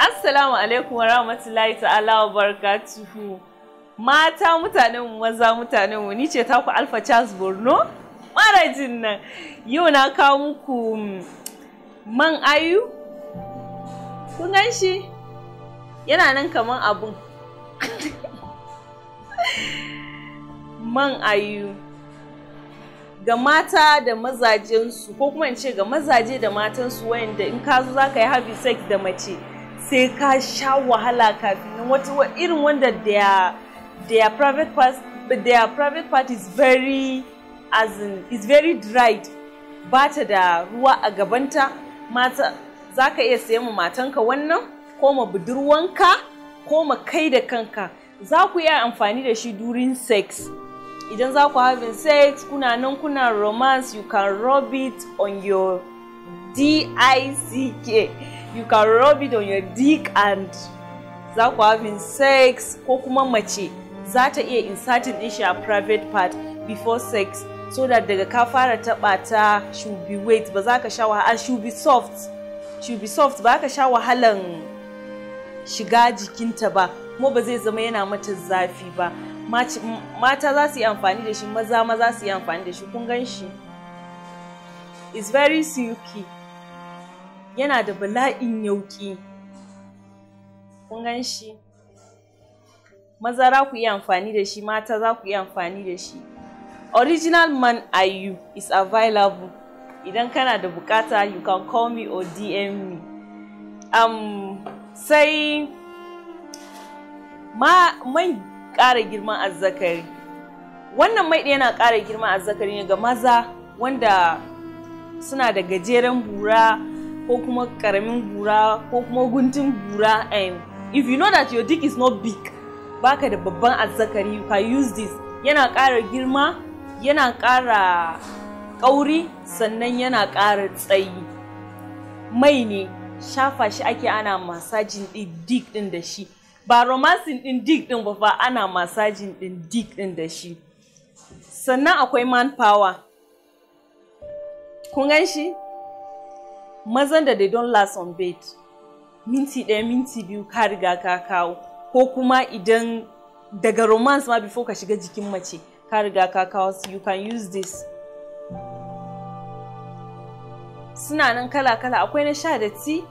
Assalamu alaikum wa rahmatullahi ta'ala wa barakatuhu. Mata mutanen mu maza mutanen ni ce taku Alfa Charles Borno. Marajin nan yau na kawo muku mm, man ayu. Kun gan shi? Yana nan kaman abun. man ayu. Ga mata da mazajensu ko kuma in ce ga mazaje da matansu wayanda in ka zo za ka yi habi sex da mace. sai ka sha wahala kafin nan wata irin wanda their private part is very as in is very dried ba ta da ruwa a gabanta mata za ka iya sayan ma matanka wannan ko ma budurwanka ko ma kai da kanka za ku iya amfani da shi during sex idan za ku having sex kuna nan kuna romance you can rub it on your D-I-C-K. you can rub it on your dick and za ku having sex ko kuma mace za ta iya inserting din shi a private part before sex so that daga ka fara taɓa ta she be wait ba za ka sha wahala she be soft she be soft ba ka sha wahalan shiga jikinta ba kuma ba zai zama yana mata zafi ba mata za su yi amfani da shi maza maza su yi amfani da shi kun gan shi it's very silky yana da bala'in yauki. kun gan shi maza za ku yi amfani da shi mata za ku yi amfani da shi original man are you is available idan kana da bukata you can call me or dm me um, sai ma mai ƙara girman azzakari wannan mai yana ƙara girman azzakari ne ga maza wanda suna da gajeren bura ko kuma karamin gura ko kuma guntun gura if you know that your dick is not big baka da babban azzakari you can use this yana ƙara girma yana ƙara ƙauri sannan yana ƙara tsayi mai ne shafa shi ake ana masajin ɗin dick ɗin da shi ba romancing ɗin dick ɗin ba fa ana masajin ɗin dick ɗin da shi sannan akwai man power kun gan shi mazan da they don last on bed minti ɗaya minti biyu ka riga ka kawo ko kuma idan daga romance ma before ka shiga jikin mace ka riga ka kawo you can use this suna nan kala-kala akwai na sha da ti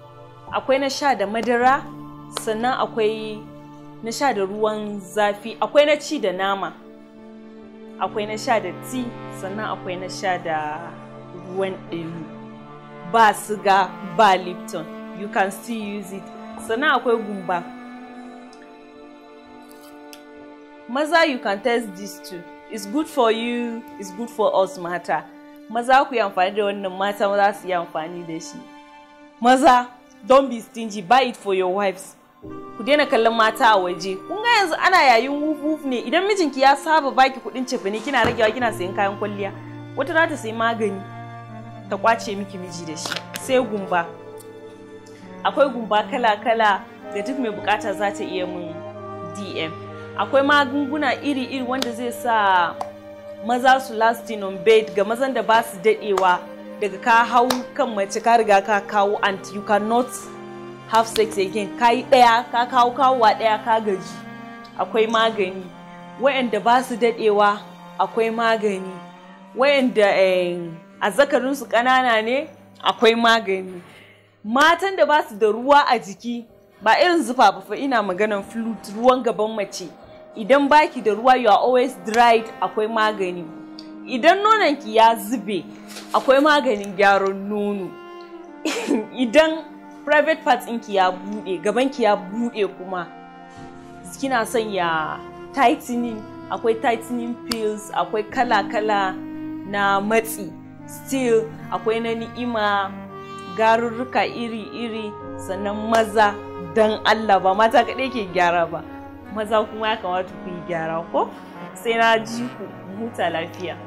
akwai na sha da madara sannan akwai na sha da ruwan zafi akwai na ci da nama akwai na sha da ti sannan akwai na sha da ruwan ɗelu ba siga ba lipton you can still use it sannan akwai gumba maza you can test this too it's good for you it's good for us mata maza ku yi amfani da wannan mata maza su yi amfani da shi maza don't be stingy buy it for your wives ku daina kallon mata a waje kun ga yanzu ana yayin wuf wuf ne idan mijinki ya saba baki kudin cefane kina ragewa kina sayan kayan kwalliya wata za ta sayi magani ta kwace miki miji da shi sai gumba akwai gumba kala-kala da duk mai bukata za ta iya mun dm akwai magunguna iri-iri wanda zai sa maza su lastin on bed ga mazan da ba su dadewa daga ka hau kan mace ka riga ka kawo and you cannot have sex again ka yi daya ka kawo kawowa daya ka gaji akwai magani wayanda ba su dadewa akwai magani wayanda eh, A zakarinsu ƙanana ne akwai magani matan da ba su da ruwa a jiki ba irin zufa ba fa ina maganan flute ruwan gaban mace idan baki da ruwa you are always dried akwai magani idan nononki ya zube akwai maganin gyaran nono idan private parts ɗinki ya buɗe ki ya buɗe kuma kina son ya tightening akwai tightening pills akwai kala-kala na matsi still akwai na ni'ima garurruka iri-iri sannan maza don Allah ba mata kaɗai ke gyara ba maza kuma ya kamata ku yi gyara ko sai na ji ku huta lafiya